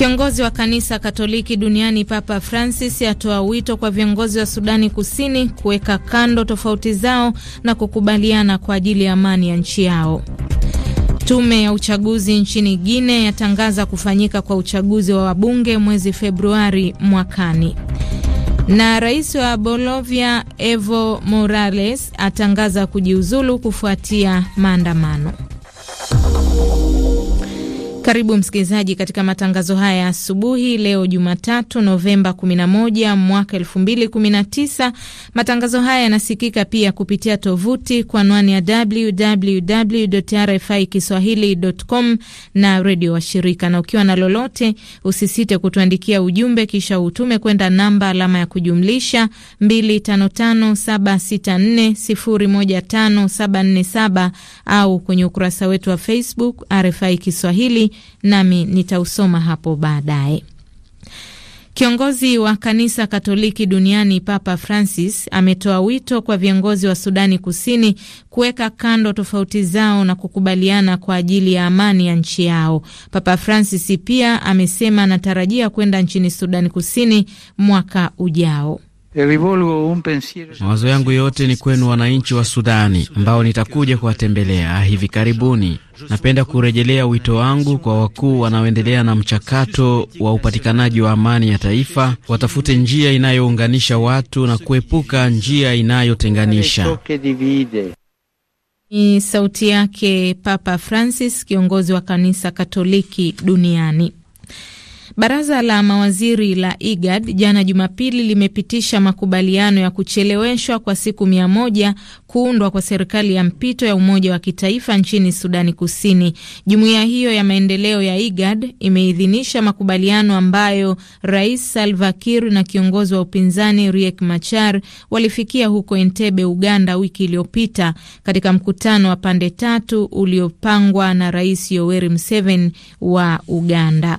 Kiongozi wa kanisa Katoliki duniani Papa Francis atoa wito kwa viongozi wa Sudani Kusini kuweka kando tofauti zao na kukubaliana kwa ajili ya amani ya nchi yao. Tume ya uchaguzi nchini guine yatangaza kufanyika kwa uchaguzi wa wabunge mwezi Februari mwakani. Na rais wa Bolivia Evo Morales atangaza kujiuzulu kufuatia maandamano. Karibu msikilizaji katika matangazo haya ya asubuhi leo Jumatatu, Novemba 11 mwaka 2019. Matangazo haya yanasikika pia kupitia tovuti kwa anwani ya www RFI kiswahili.com na redio washirika, na ukiwa na lolote usisite kutuandikia ujumbe, kisha utume kwenda namba alama ya kujumlisha 255764015747 au kwenye ukurasa wetu wa Facebook RFI Kiswahili nami nitausoma hapo baadaye. Kiongozi wa kanisa Katoliki duniani Papa Francis ametoa wito kwa viongozi wa Sudani Kusini kuweka kando tofauti zao na kukubaliana kwa ajili ya amani ya nchi yao. Papa Francis pia amesema anatarajia kwenda nchini Sudani Kusini mwaka ujao. Mawazo yangu yote ni kwenu wananchi wa Sudani ambao nitakuja kuwatembelea hivi karibuni. Napenda kurejelea wito wangu kwa wakuu wanaoendelea na mchakato wa upatikanaji wa amani ya taifa, watafute njia inayounganisha watu na kuepuka njia inayotenganisha. Ni sauti yake Papa Francis, kiongozi wa kanisa Katoliki duniani. Baraza la mawaziri la IGAD jana Jumapili limepitisha makubaliano ya kucheleweshwa kwa siku mia moja kuundwa kwa serikali ya mpito ya umoja wa kitaifa nchini Sudani Kusini. Jumuiya hiyo ya maendeleo ya IGAD imeidhinisha makubaliano ambayo Rais Salva Kiir na kiongozi wa upinzani Riek Machar walifikia huko Entebbe, Uganda, wiki iliyopita katika mkutano wa pande tatu uliopangwa na Rais Yoweri Museveni wa Uganda.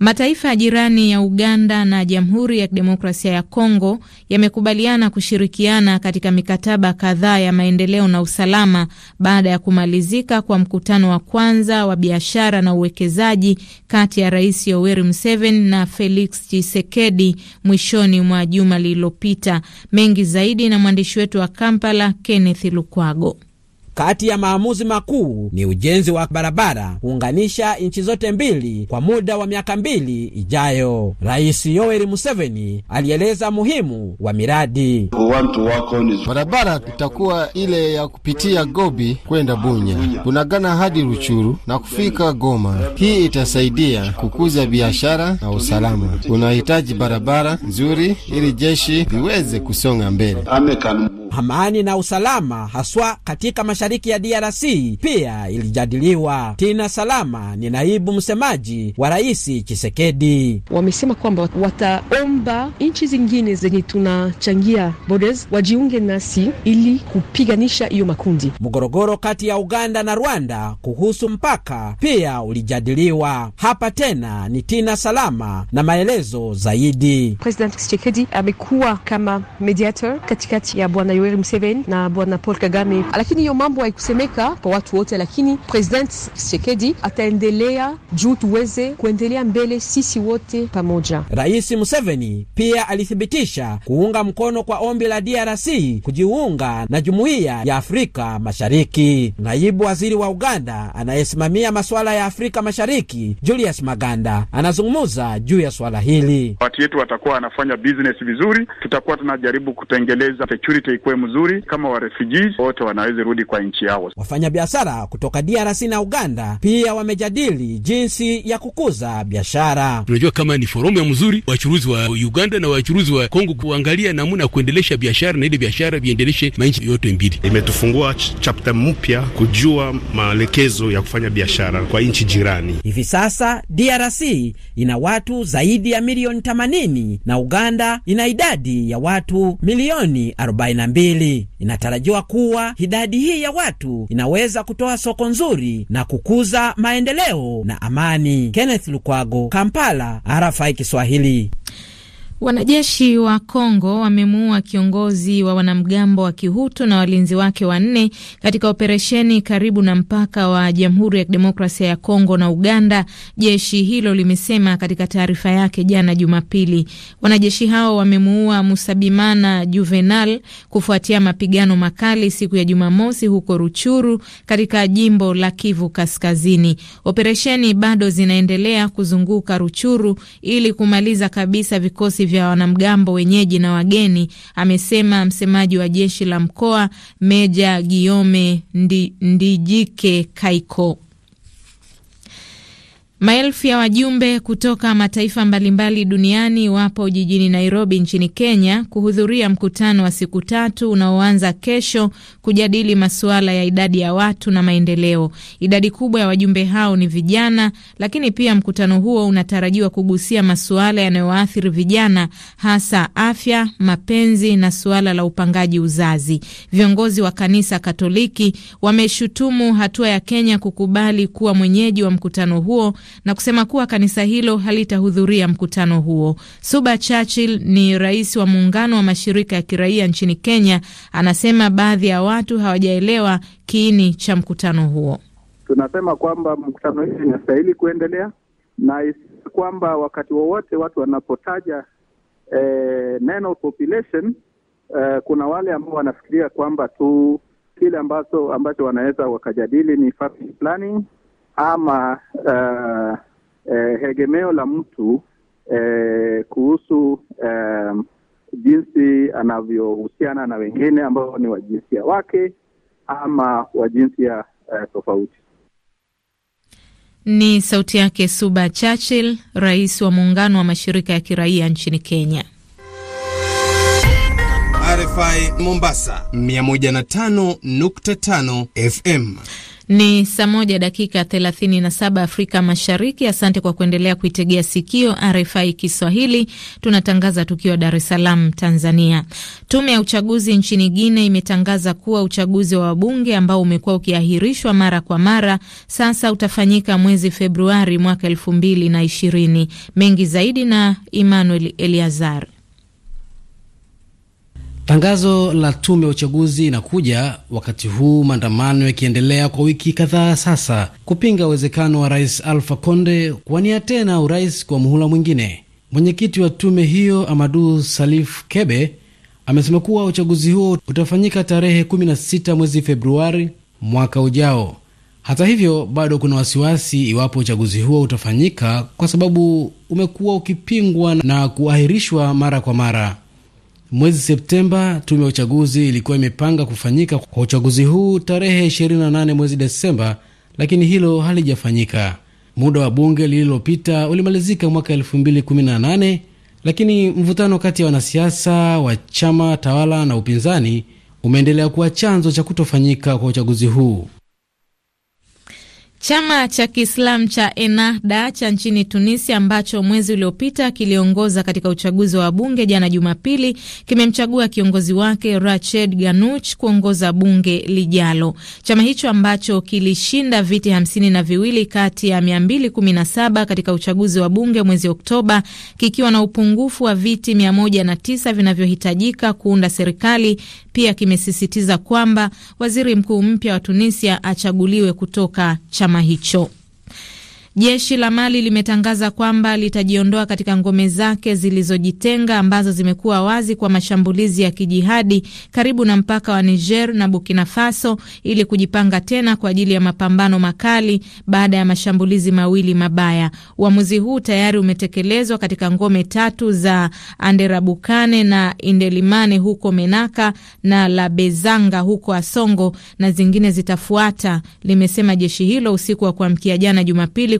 Mataifa ya jirani ya Uganda na Jamhuri ya Kidemokrasia ya Kongo yamekubaliana kushirikiana katika mikataba kadhaa ya maendeleo na usalama baada ya kumalizika kwa mkutano wa kwanza wa biashara na uwekezaji kati ya Rais Yoweri Museveni na Felix Tshisekedi mwishoni mwa juma lililopita. Mengi zaidi na mwandishi wetu wa Kampala Kenneth Lukwago. Kati ya maamuzi makuu ni ujenzi wa barabara kuunganisha nchi zote mbili kwa muda wa miaka mbili ijayo. Rais Yoweri Museveni alieleza muhimu wa miradi barabara, Itakuwa ile ya kupitia Gobi kwenda Bunya, Bunagana hadi Ruchuru na kufika Goma. Hii itasaidia kukuza biashara na usalama. Unahitaji barabara nzuri ili jeshi liweze kusonga mbele. Amani na usalama haswa katika mashariki mashariki ya DRC pia ilijadiliwa. Tina Salama ni naibu msemaji wa Rais Chisekedi. Wamesema kwamba wataomba nchi zingine zenye tunachangia borders wajiunge nasi ili kupiganisha hiyo makundi. Mgorogoro kati ya Uganda na Rwanda kuhusu mpaka pia ulijadiliwa. Hapa tena ni Tina Salama na maelezo zaidi. President Chisekedi amekuwa kama mediator katikati ya Bwana Yoweri Museveni na Bwana Paul Kagame, lakini hiyo mambo mambo haikusemeka kwa watu wote, lakini President Tshisekedi ataendelea juu tuweze kuendelea mbele sisi wote pamoja. Rais Museveni pia alithibitisha kuunga mkono kwa ombi la DRC kujiunga na Jumuiya ya Afrika Mashariki. Naibu waziri wa Uganda anayesimamia masuala ya Afrika Mashariki Julius Maganda anazungumza juu ya swala hili. Watu yetu watakuwa wanafanya business vizuri, tutakuwa tunajaribu kutengeleza security ikuwe mzuri, kama wa refugees wote wanaweza rudi kwa wananchi hao. Wafanyabiashara kutoka DRC na Uganda pia wamejadili jinsi ya kukuza biashara. Tunajua kama ni forum ya mzuri wachuruzi wa Uganda na wachuruzi wa Kongo kuangalia namna ya kuendelesha biashara na ile biashara viendeleshe manchi yote mbili. Imetufungua chapter mpya kujua maelekezo ya kufanya biashara kwa nchi jirani. Hivi sasa DRC ina watu zaidi ya milioni 80 na Uganda ina idadi ya watu milioni 42. Inatarajiwa kuwa idadi hii ya watu inaweza kutoa soko nzuri na kukuza maendeleo na amani. Kenneth Lukwago, Kampala, RFI Kiswahili. Wanajeshi wa Kongo wamemuua kiongozi wa wanamgambo wa Kihutu na walinzi wake wanne katika operesheni karibu na mpaka wa Jamhuri ya Kidemokrasia ya Kongo na Uganda, jeshi hilo limesema katika taarifa yake jana Jumapili. Wanajeshi hao wamemuua Musabimana Juvenal kufuatia mapigano makali siku ya Jumamosi huko Ruchuru katika jimbo la Kivu Kaskazini. Operesheni bado zinaendelea kuzunguka Ruchuru ili kumaliza kabisa vikosi vya wanamgambo wenyeji na wageni, amesema msemaji wa jeshi la mkoa Meja Giome Ndi, Ndijike Kaiko. Maelfu ya wajumbe kutoka mataifa mbalimbali duniani wapo jijini Nairobi nchini Kenya kuhudhuria mkutano wa siku tatu unaoanza kesho kujadili masuala ya idadi ya watu na maendeleo. Idadi kubwa ya wajumbe hao ni vijana, lakini pia mkutano huo unatarajiwa kugusia masuala yanayoathiri vijana, hasa afya, mapenzi na suala la upangaji uzazi. Viongozi wa kanisa Katoliki wameshutumu hatua ya Kenya kukubali kuwa mwenyeji wa mkutano huo na kusema kuwa kanisa hilo halitahudhuria mkutano huo. Suba Churchill ni rais wa muungano wa mashirika ya kiraia nchini Kenya, anasema baadhi ya watu hawajaelewa kiini cha mkutano huo. Tunasema kwamba mkutano hii inastahili kuendelea na kwamba wakati wowote wa watu wanapotaja eh, neno population eh, kuna wale ambao wanafikiria kwamba tu kile ambacho ambacho wanaweza wakajadili ni family planning ama uh, uh, hegemeo la mtu uh, kuhusu uh, jinsi anavyohusiana na wengine ambao ni wa jinsia wake ama wa jinsia uh, tofauti. Ni sauti yake Suba Churchill, rais wa muungano wa mashirika ya kiraia nchini Kenya. RFI Mombasa 105.5 FM. Ni saa moja dakika 37 Afrika Mashariki. Asante kwa kuendelea kuitegea sikio RFI Kiswahili. Tunatangaza tukiwa Dar es Salaam, Tanzania. Tume ya uchaguzi nchini Guinea imetangaza kuwa uchaguzi wa wabunge ambao umekuwa ukiahirishwa mara kwa mara sasa utafanyika mwezi Februari mwaka elfu2li na ishirini. Mengi zaidi na Emmanuel Eliazar. Tangazo la tume ya uchaguzi inakuja wakati huu maandamano yakiendelea kwa wiki kadhaa sasa kupinga uwezekano wa rais alfa Conde kuwania tena urais kwa muhula mwingine. Mwenyekiti wa tume hiyo Amadu Salif Kebe amesema kuwa uchaguzi huo utafanyika tarehe 16 mwezi Februari mwaka ujao. Hata hivyo, bado kuna wasiwasi iwapo uchaguzi huo utafanyika kwa sababu umekuwa ukipingwa na kuahirishwa mara kwa mara. Mwezi Septemba, tume ya uchaguzi ilikuwa imepanga kufanyika kwa uchaguzi huu tarehe 28 mwezi Desemba, lakini hilo halijafanyika. Muda wa bunge lililopita ulimalizika mwaka 2018, lakini mvutano kati ya wanasiasa wa chama tawala na upinzani umeendelea kuwa chanzo cha kutofanyika kwa uchaguzi huu. Chama cha Kiislamu cha Ennahda cha nchini Tunisia ambacho mwezi uliopita kiliongoza katika uchaguzi wa bunge jana Jumapili kimemchagua kiongozi wake Rached ganuch kuongoza bunge lijalo. Chama hicho ambacho kilishinda viti hamsini na viwili kati ya 217 katika uchaguzi wa bunge mwezi Oktoba kikiwa na upungufu wa viti tisa vinavyohitajika kuunda serikali, pia kimesisitiza kwamba waziri mkuu mpya wa Tunisia achaguliwe kutoka chama chama hicho. Jeshi la Mali limetangaza kwamba litajiondoa katika ngome zake zilizojitenga ambazo zimekuwa wazi kwa mashambulizi ya kijihadi karibu na mpaka wa Niger na Burkina Faso ili kujipanga tena kwa ajili ya mapambano makali baada ya mashambulizi mawili mabaya. Uamuzi huu tayari umetekelezwa katika ngome tatu za Anderabukane na Indelimane huko Menaka na Labezanga huko Asongo na zingine zitafuata, limesema jeshi hilo usiku wa kuamkia jana Jumapili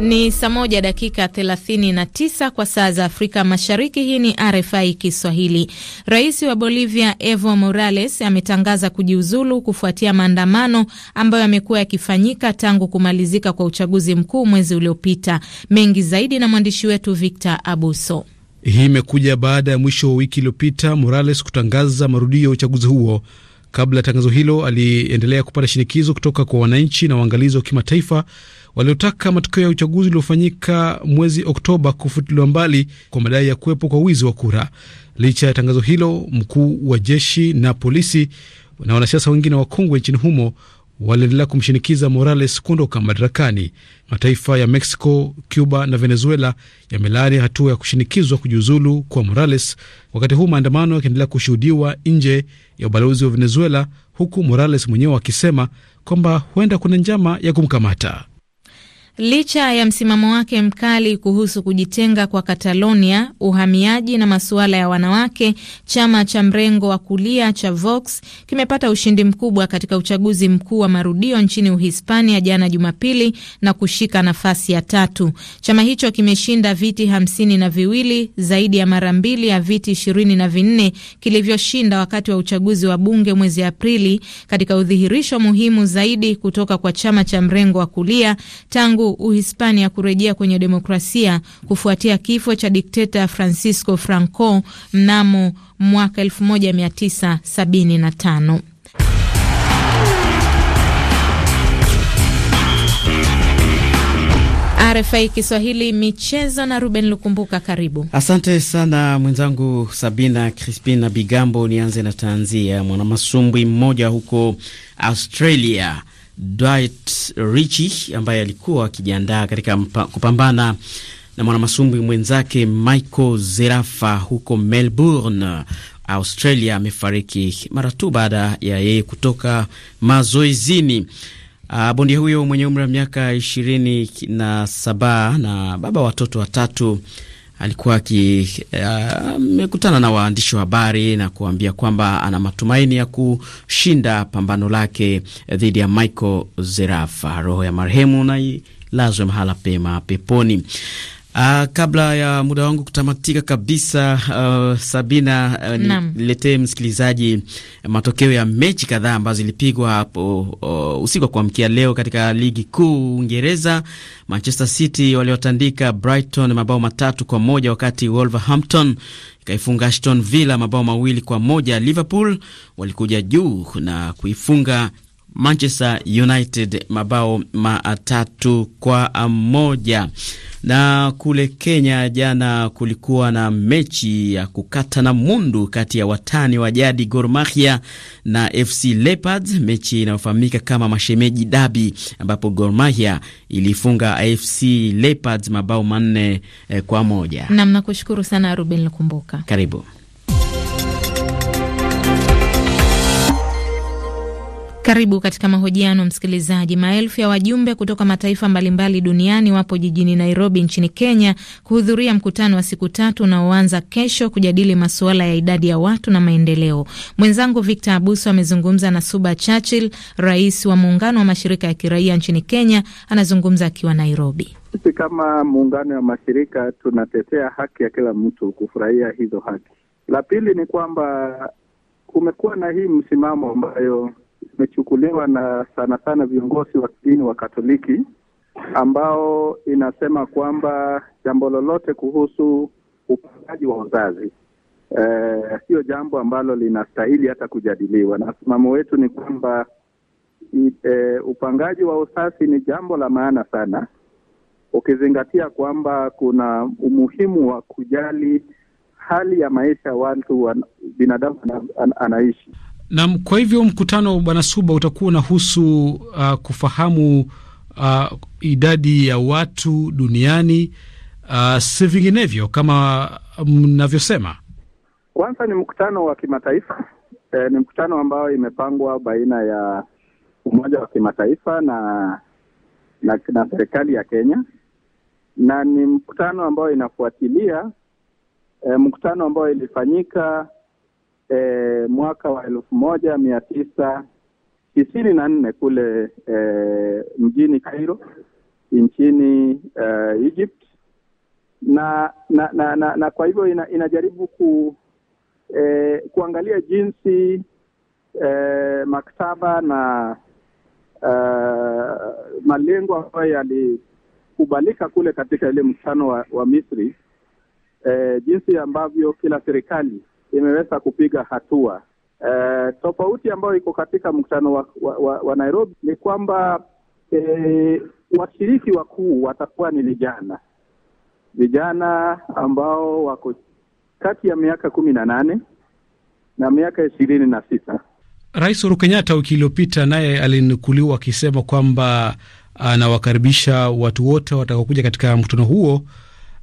Ni saa moja dakika 39 kwa saa za Afrika Mashariki. Hii ni RFI Kiswahili. Rais wa Bolivia Evo Morales ametangaza kujiuzulu kufuatia maandamano ambayo yamekuwa yakifanyika tangu kumalizika kwa uchaguzi mkuu mwezi uliopita. Mengi zaidi na mwandishi wetu Victor Abuso. Hii imekuja baada ya mwisho wa wiki iliyopita Morales kutangaza marudio ya uchaguzi huo Kabla ya tangazo hilo, aliendelea kupata shinikizo kutoka kwa wananchi na waangalizi wa kimataifa waliotaka matokeo ya uchaguzi uliofanyika mwezi Oktoba kufutiliwa mbali kwa madai ya kuwepo kwa wizi wa kura. Licha ya tangazo hilo, mkuu wa jeshi na polisi na wanasiasa wengine kongwe nchini humo waliendelea kumshinikiza Morales kuondoka madarakani. Mataifa ya Mexico, Cuba na Venezuela yamelaani hatua ya kushinikizwa kujiuzulu kwa Morales, wakati huu maandamano yakiendelea kushuhudiwa nje ya ubalozi wa Venezuela, huku Morales mwenyewe akisema kwamba huenda kuna njama ya kumkamata. Licha ya msimamo wake mkali kuhusu kujitenga kwa Catalonia, uhamiaji na masuala ya wanawake, chama cha mrengo wa kulia cha Vox kimepata ushindi mkubwa katika uchaguzi mkuu wa marudio nchini Uhispania jana Jumapili na kushika nafasi ya tatu. Chama hicho kimeshinda viti hamsini na viwili, zaidi ya mara mbili ya viti ishirini na vinne kilivyoshinda wakati wa uchaguzi wa bunge mwezi Aprili, katika udhihirisho muhimu zaidi kutoka kwa chama cha mrengo wa kulia tangu Uhispania kurejea kwenye demokrasia kufuatia kifo cha dikteta Francisco Franco mnamo mwaka 1975. RFI Kiswahili michezo na Ruben Lukumbuka, karibu. Asante sana mwenzangu Sabina Crispin na Bigambo. Nianze na tanzia mwanamasumbwi mmoja huko Australia Dwight Ritchie ambaye alikuwa akijiandaa katika mpa, kupambana na mwanamasumbwi mwenzake Michael Zerafa huko Melbourne, Australia, amefariki mara tu baada ya yeye kutoka mazoezini. Uh, bondia huyo mwenye umri wa miaka ishirini na saba na baba watoto watatu alikuwa eh, amekutana uh, na waandishi wa habari na kuambia kwamba ana matumaini ya kushinda pambano lake dhidi ya Michael Zerafa. Roho ya marehemu na ilazwe mahala pema peponi. Uh, kabla ya muda wangu kutamatika kabisa, uh, Sabina, uh, niletee msikilizaji eh, matokeo ya mechi kadhaa ambazo ilipigwa hapo uh, usiku wa kuamkia leo katika ligi kuu Uingereza. Manchester City waliotandika Brighton mabao matatu kwa moja wakati Wolverhampton ikaifunga Aston Villa mabao mawili kwa moja. Liverpool walikuja juu na kuifunga Manchester United mabao matatu kwa moja. Na kule Kenya jana kulikuwa na mechi ya kukata na mundu kati ya watani wa jadi Gor Mahia na FC Leopards, mechi inayofahamika kama mashemeji dabi, ambapo Gor Mahia ilifunga AFC Leopards mabao manne eh, kwa moja. Namna kushukuru sana Ruben Lukumbuka, karibu Karibu katika mahojiano msikilizaji. Maelfu ya wajumbe kutoka mataifa mbalimbali duniani wapo jijini Nairobi nchini Kenya kuhudhuria mkutano wa siku tatu unaoanza kesho kujadili masuala ya idadi ya watu na maendeleo. Mwenzangu Victor Abuso amezungumza na Suba Churchill, rais wa muungano wa mashirika ya kiraia nchini Kenya. Anazungumza akiwa Nairobi. Sisi kama muungano wa mashirika tunatetea haki ya kila mtu kufurahia hizo haki. La pili ni kwamba kumekuwa na hii msimamo ambayo imechukuliwa na sana sana viongozi wa kidini wa Katoliki ambao inasema kwamba jambo lolote kuhusu upangaji wa uzazi eh, siyo jambo ambalo linastahili hata kujadiliwa, na msimamo wetu ni kwamba e, upangaji wa uzazi ni jambo la maana sana, ukizingatia kwamba kuna umuhimu wa kujali hali ya maisha watu binadamu anaishi. Naam, kwa hivyo mkutano bwana Suba utakuwa unahusu uh, kufahamu uh, idadi ya watu duniani uh, si vinginevyo kama mnavyosema. Kwanza ni mkutano wa kimataifa e, ni mkutano ambao imepangwa baina ya umoja wa kimataifa na na, na serikali ya Kenya na ni mkutano ambao inafuatilia e, mkutano ambao ilifanyika e, mwaka wa elfu moja mia tisa tisini na nne kule e, mjini Cairo nchini e, Egypt na na, na, na na kwa hivyo ina, inajaribu ku, e, kuangalia jinsi e, maktaba na e, malengo ambayo yalikubalika kule katika ile mkutano wa, wa Misri e, jinsi ambavyo kila serikali imeweza kupiga hatua. E, tofauti ambayo iko katika mkutano wa, wa, wa Nairobi ni kwamba e, washiriki wakuu watakuwa ni vijana vijana ambao wako kati ya miaka kumi na nane na miaka ishirini na sita. Rais Uhuru Kenyatta wiki iliyopita naye alinukuliwa akisema kwamba anawakaribisha watu wote watakaokuja katika mkutano huo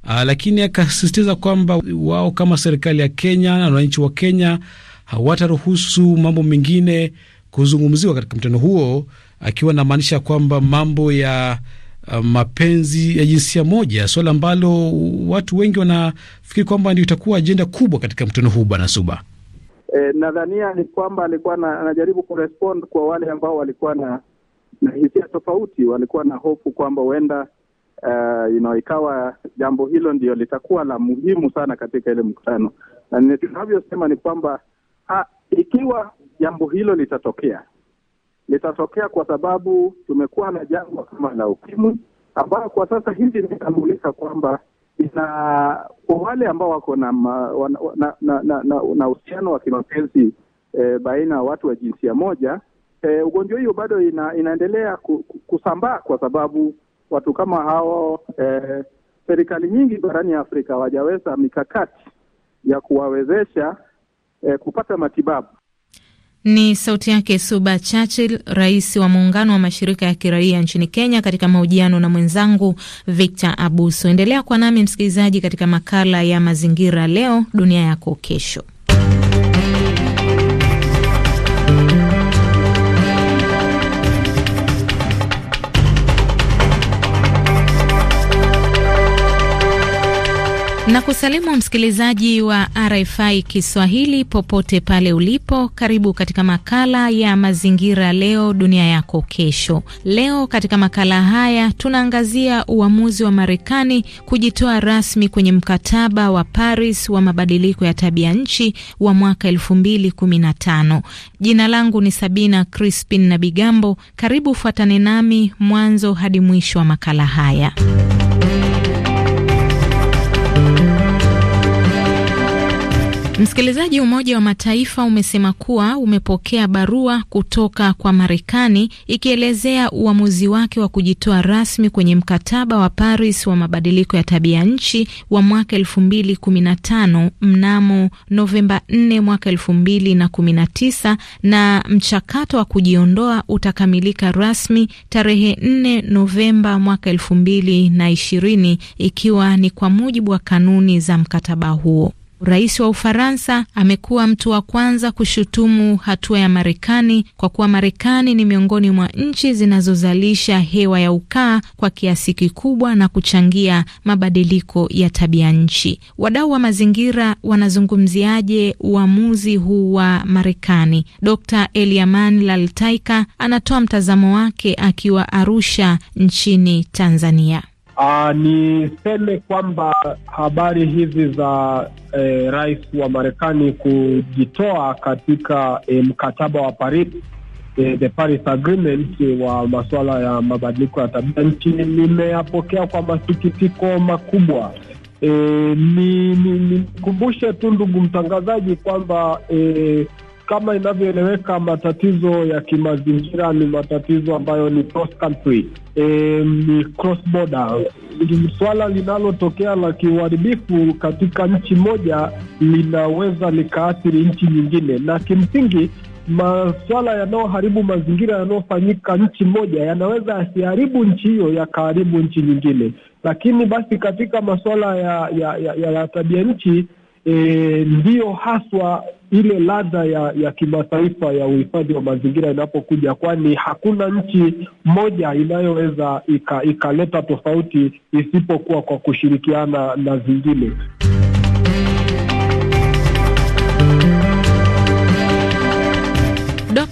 Aa, ah, lakini akasisitiza kwamba wao kama serikali ya Kenya na wananchi wa Kenya hawataruhusu mambo mengine kuzungumziwa katika mkutano huo, akiwa namaanisha kwamba mambo ya uh, mapenzi ya jinsia moja, swala ambalo watu wengi wanafikiri kwamba ndio itakuwa ajenda kubwa katika mkutano huu. Bwana Suba, e, nadhania ni kwamba alikuwa anajaribu kurespond kwa wale ambao walikuwa na na hisia tofauti, walikuwa na hofu kwamba huenda uh, you know, ikawa jambo hilo ndio litakuwa la muhimu sana katika ile mkutano, na ninavyosema ni kwamba ha, ah, ikiwa jambo hilo litatokea litatokea kwa sababu tumekuwa na jangwa kama la ukimwi ambayo kwa sasa hivi inatambulika kwamba ina kwa wale ambao wako na na uhusiano wa kimapenzi eh, baina ya watu wa jinsia moja eh, ugonjwa hiyo bado ina, inaendelea kusambaa kwa sababu watu kama hao eh, serikali nyingi barani ya Afrika hawajaweza mikakati ya kuwawezesha eh, kupata matibabu. Ni sauti yake Suba Churchill, rais wa muungano wa mashirika ya kiraia nchini Kenya, katika mahojiano na mwenzangu Victor Abuso. Endelea kwa nami msikilizaji, katika makala ya mazingira, leo dunia yako kesho. Na kusalimu msikilizaji wa RFI Kiswahili popote pale ulipo, karibu katika makala ya mazingira leo dunia yako kesho. Leo katika makala haya tunaangazia uamuzi wa Marekani kujitoa rasmi kwenye mkataba wa Paris wa mabadiliko ya tabia nchi wa mwaka 2015. Jina langu ni Sabina Crispin na Bigambo. Karibu fuatane nami mwanzo hadi mwisho wa makala haya. Msikilizaji, Umoja wa Mataifa umesema kuwa umepokea barua kutoka kwa Marekani ikielezea uamuzi wake wa kujitoa rasmi kwenye mkataba wa Paris wa mabadiliko ya tabia nchi wa mwaka elfu mnamo Novemba 4 mwaka elfu na na mchakato wa kujiondoa utakamilika rasmi tarehe 4 Novemba mwaka elfu na ishirini ikiwa ni kwa mujibu wa kanuni za mkataba huo. Rais wa Ufaransa amekuwa mtu wa kwanza kushutumu hatua ya Marekani kwa kuwa Marekani ni miongoni mwa nchi zinazozalisha hewa ya ukaa kwa kiasi kikubwa na kuchangia mabadiliko ya tabia nchi. Wadau wa mazingira wanazungumziaje uamuzi huu wa Marekani? Dr Eliaman Laltaika anatoa mtazamo wake akiwa Arusha nchini Tanzania. Uh, ah, niseme kwamba habari hizi za eh, rais wa Marekani kujitoa katika eh, mkataba wa Paris eh, the Paris Agreement wa masuala ya mabadiliko ya tabia nchi nimeyapokea kwa masikitiko makubwa. Eh, nikumbushe ni, ni, tu ndugu mtangazaji kwamba eh, kama inavyoeleweka, matatizo ya kimazingira ni matatizo ambayo ni cross country, e, ni cross border. Swala linalotokea la kiuharibifu katika nchi moja linaweza likaathiri nchi nyingine, na kimsingi maswala yanayoharibu mazingira yanayofanyika nchi moja yanaweza yasiharibu nchi hiyo, yakaharibu nchi nyingine. Lakini basi katika masuala ya, ya, ya, ya tabia nchi e, ndiyo haswa ile ladha ya ya kimataifa ya uhifadhi wa mazingira inapokuja, kwani hakuna nchi moja inayoweza ikaleta ika tofauti isipokuwa kwa kushirikiana na zingine.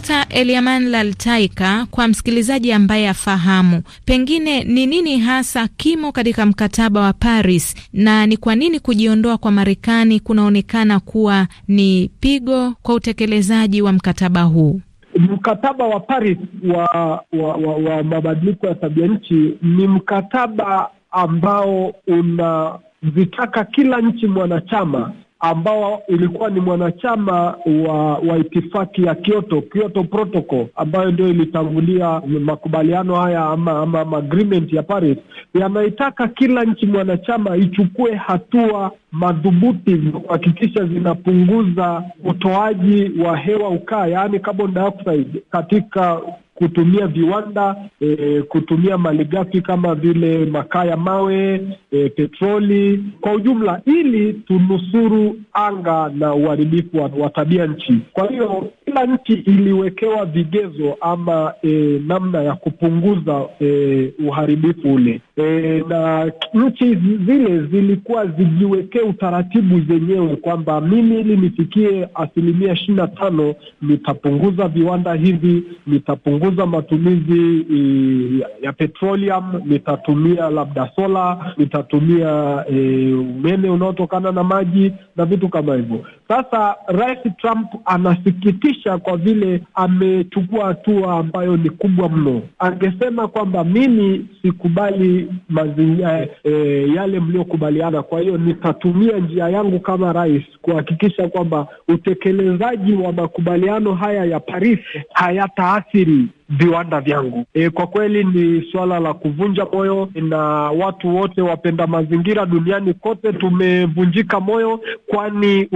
Dr. Eliaman Laltaika, kwa msikilizaji ambaye afahamu, pengine ni nini hasa kimo katika mkataba wa Paris na ni kwa nini kujiondoa kwa Marekani kunaonekana kuwa ni pigo kwa utekelezaji wa mkataba huu? Mkataba wa Paris wa, wa, wa, wa mabadiliko ya tabia nchi ni mkataba ambao unazitaka kila nchi mwanachama ambao ilikuwa ni mwanachama wa, wa itifaki ya Kyoto, Kyoto Protocol ambayo ndio ilitangulia makubaliano haya ama, ama, ama agreement ya Paris, yanaitaka kila nchi mwanachama ichukue hatua madhubuti kuhakikisha zinapunguza utoaji wa hewa ukaa, yaani carbon dioxide katika kutumia viwanda e, kutumia malighafi kama vile makaa ya mawe e, petroli kwa ujumla, ili tunusuru anga na uharibifu wa tabia nchi. Kwa hiyo kila nchi iliwekewa vigezo ama e, namna ya kupunguza e, uharibifu ule e, na nchi zile zilikuwa zijiwekee utaratibu zenyewe kwamba mimi ili nifikie asilimia ishirini na tano nitapunguza viwanda hivi, nitapunguza matumizi e, ya petroleum, nitatumia labda sola, nitatumia e, umeme unaotokana na maji na vitu kama hivyo. Sasa Rais Trump anasikitisha kujirekebisha kwa vile amechukua hatua ambayo ni kubwa mno. Angesema kwamba mimi sikubali mazingira eh, eh, yale mliokubaliana, kwa hiyo nitatumia njia yangu kama rais kuhakikisha kwamba utekelezaji wa makubaliano haya ya Paris hayataathiri viwanda vyangu. E, kwa kweli ni suala la kuvunja moyo, na watu wote wapenda mazingira duniani kote tumevunjika moyo, kwani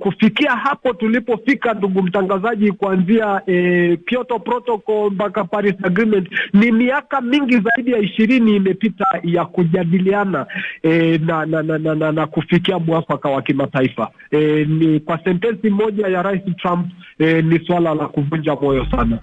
kufikia hapo tulipofika, ndugu mtangazaji, kuanzia e, Kyoto Protocol mpaka Paris Agreement ni miaka mingi zaidi ya ishirini imepita ya kujadiliana e, na, na, na, na, na, na kufikia mwafaka wa kimataifa e, ni kwa sentensi moja ya Rais Trump e, ni suala la kuvunja moyo sana.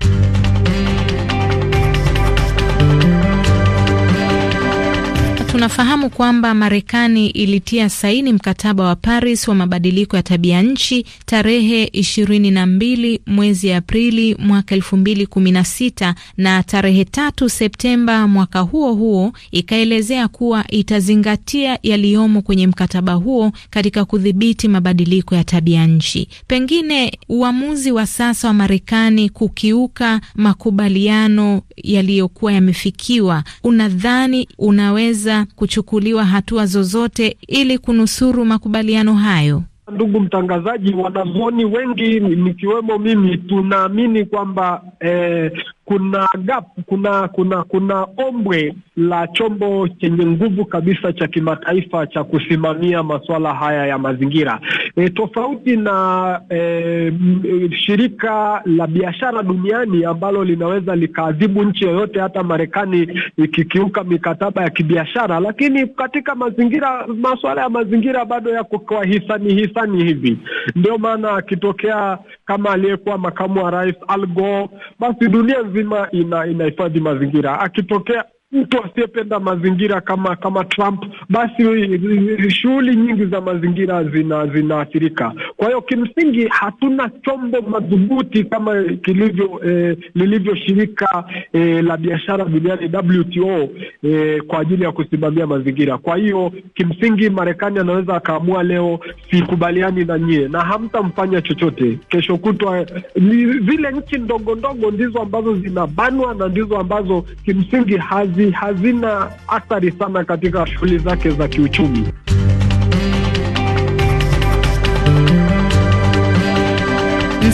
tunafahamu kwamba Marekani ilitia saini mkataba wa Paris wa mabadiliko ya tabia nchi tarehe 22 mwezi Aprili mwaka 2016 na tarehe 3 Septemba mwaka huo huo ikaelezea kuwa itazingatia yaliyomo kwenye mkataba huo katika kudhibiti mabadiliko ya tabia nchi. Pengine uamuzi wa sasa wa Marekani kukiuka makubaliano yaliyokuwa yamefikiwa, unadhani unaweza kuchukuliwa hatua zozote ili kunusuru makubaliano hayo? Ndugu mtangazaji, wanazoni wengi nikiwemo mimi tunaamini kwamba eh, kuna gap, kuna kuna kuna ombwe la chombo chenye nguvu kabisa cha kimataifa cha kusimamia masuala haya ya mazingira e, tofauti na e, shirika la biashara duniani ambalo linaweza likaadhibu nchi yoyote, hata Marekani ikikiuka mikataba ya kibiashara. Lakini katika mazingira, masuala ya mazingira bado yako kwa hisani hisani hivi. Ndio maana akitokea kama aliyekuwa makamu wa rais Al Gore, basi dunia lazima ina mazingira. Akitokea mtu asiyependa mazingira kama kama Trump, basi shughuli nyingi za mazingira zina zinaathirika. Kwa hiyo kimsingi hatuna chombo madhubuti kama kilivyo eh, lilivyo shirika eh, la biashara duniani WTO, eh, kwa ajili ya kusimamia mazingira. Kwa hiyo kimsingi Marekani anaweza akaamua leo, sikubaliani na nyie, na hamtamfanya chochote. Kesho kutwa eh, zile nchi ndogo ndogo ndizo ambazo zinabanwa na ndizo ambazo kimsingi hazi hizi hazina athari sana katika shughuli zake za kiuchumi.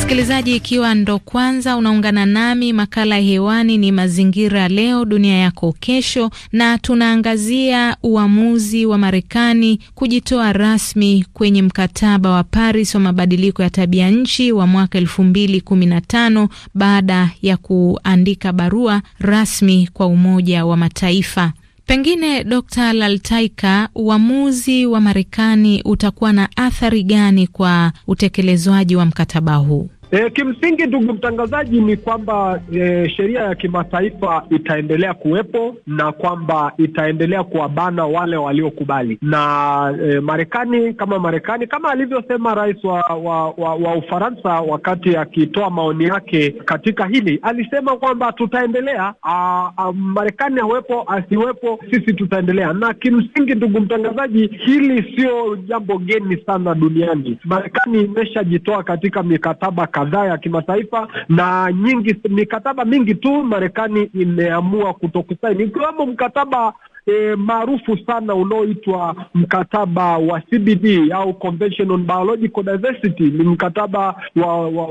Msikilizaji, ikiwa ndo kwanza unaungana nami, makala ya hewani ni Mazingira Leo Dunia Yako Kesho, na tunaangazia uamuzi wa Marekani kujitoa rasmi kwenye mkataba wa Paris wa mabadiliko ya tabia nchi wa mwaka elfu mbili kumi na tano baada ya kuandika barua rasmi kwa Umoja wa Mataifa. Pengine Dr. Laltaika, uamuzi wa Marekani utakuwa na athari gani kwa utekelezwaji wa mkataba huu? E, kimsingi ndugu mtangazaji ni kwamba e, sheria ya kimataifa itaendelea kuwepo na kwamba itaendelea kuwabana wale waliokubali na e, Marekani kama Marekani kama alivyosema rais wa, wa, wa, wa Ufaransa wakati akitoa maoni yake katika hili alisema kwamba tutaendelea, ah, ah, Marekani awepo asiwepo, sisi tutaendelea. Na kimsingi ndugu mtangazaji, hili sio jambo geni sana duniani. Marekani imeshajitoa katika mikataba kadhaa ya kimataifa na nyingi, mikataba mingi tu Marekani imeamua kutokusaini ikiwemo mkataba E, maarufu sana unaoitwa mkataba wa CBD au Convention on Biological Diversity, ni mkataba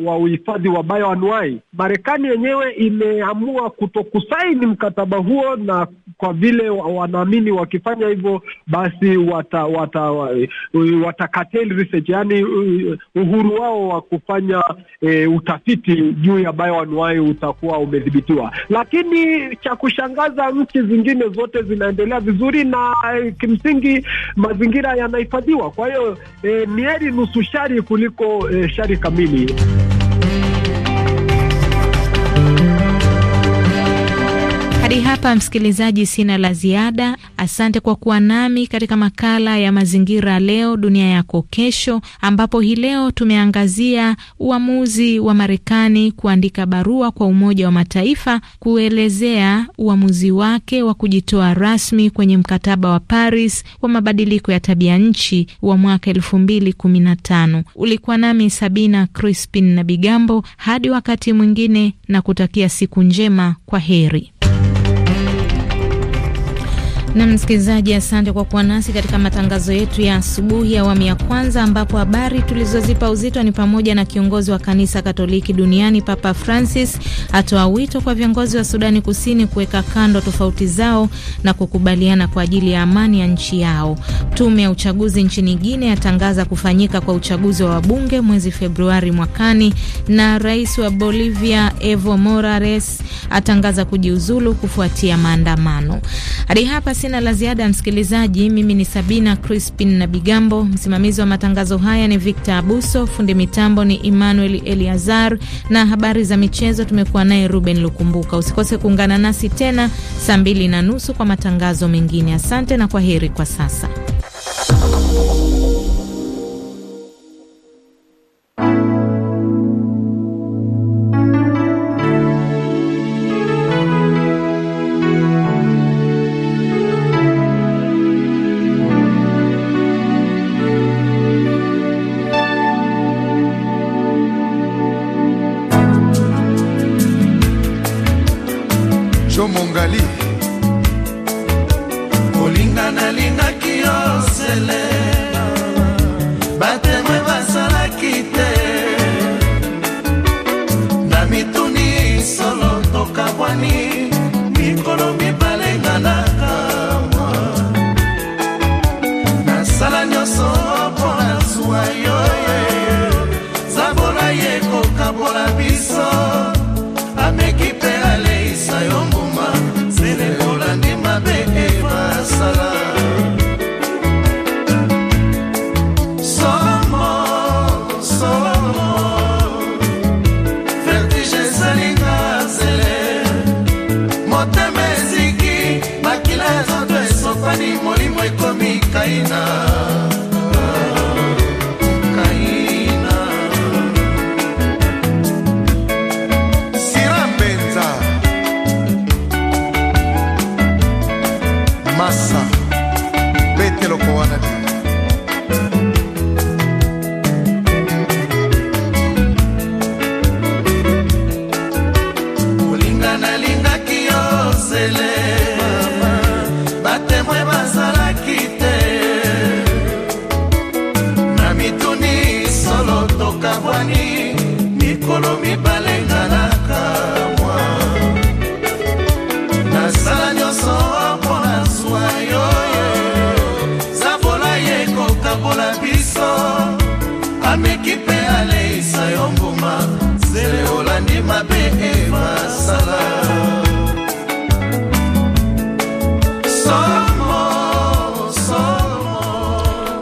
wa uhifadhi wa, wa, wa bioanuai. Marekani yenyewe imeamua kutokusaini mkataba huo na kwa vile wanaamini wakifanya hivyo basi wata, wata, eh, wata research, yani eh, uhuru wao wa kufanya e, utafiti juu ya bayoanuai utakuwa umedhibitiwa. Lakini cha kushangaza, nchi zingine zote zinaendelea vizuri na kimsingi mazingira yanahifadhiwa. Kwa hiyo e, ni heri nusu shari kuliko e, shari kamili. Hadi hapa msikilizaji, sina la ziada. Asante kwa kuwa nami katika makala ya mazingira leo dunia yako kesho, ambapo hii leo tumeangazia uamuzi wa Marekani kuandika barua kwa Umoja wa Mataifa kuelezea uamuzi wake wa kujitoa rasmi kwenye mkataba wa Paris wa mabadiliko ya tabia nchi wa mwaka elfu mbili kumi na tano. Ulikuwa nami Sabina Crispin na Bigambo. Hadi wakati mwingine, na kutakia siku njema. Kwa heri. Na msikilizaji, asante kwa kuwa nasi katika matangazo yetu ya asubuhi ya awamu ya kwanza, ambapo habari tulizozipa uzito ni pamoja na kiongozi wa kanisa Katoliki duniani Papa Francis atoa wito kwa viongozi wa Sudani Kusini kuweka kando tofauti zao na kukubaliana kwa ajili ya amani ya nchi yao. Tume ya uchaguzi nchini Guinea yatangaza kufanyika kwa uchaguzi wa wabunge mwezi Februari mwakani, na rais wa Bolivia Evo Morales atangaza kujiuzulu kufuatia maandamano. Hadi hapa si sina la ziada msikilizaji. Mimi ni Sabina Crispin na Bigambo, msimamizi wa matangazo haya ni Victor Abuso, fundi mitambo ni Emmanuel Eliazar, na habari za michezo tumekuwa naye Ruben Lukumbuka. Usikose kuungana nasi tena saa mbili na nusu kwa matangazo mengine. Asante na kwa heri kwa sasa.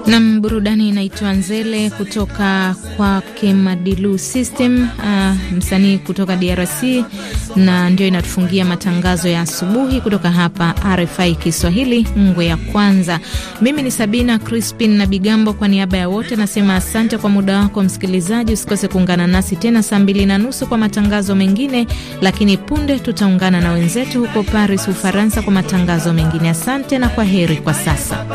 Nam burudani inaitwa Nzele kutoka kwake Madilu System, uh, msanii kutoka DRC na ndio inatufungia matangazo ya asubuhi kutoka hapa RFI Kiswahili ngwe ya kwanza. Mimi ni Sabina Crispin na Bigambo, kwa niaba ya wote nasema asante kwa muda wako msikilizaji. Usikose kuungana nasi tena saa mbili na nusu kwa matangazo mengine, lakini punde tutaungana na wenzetu huko Paris, Ufaransa, kwa matangazo mengine. Asante na kwa heri kwa sasa.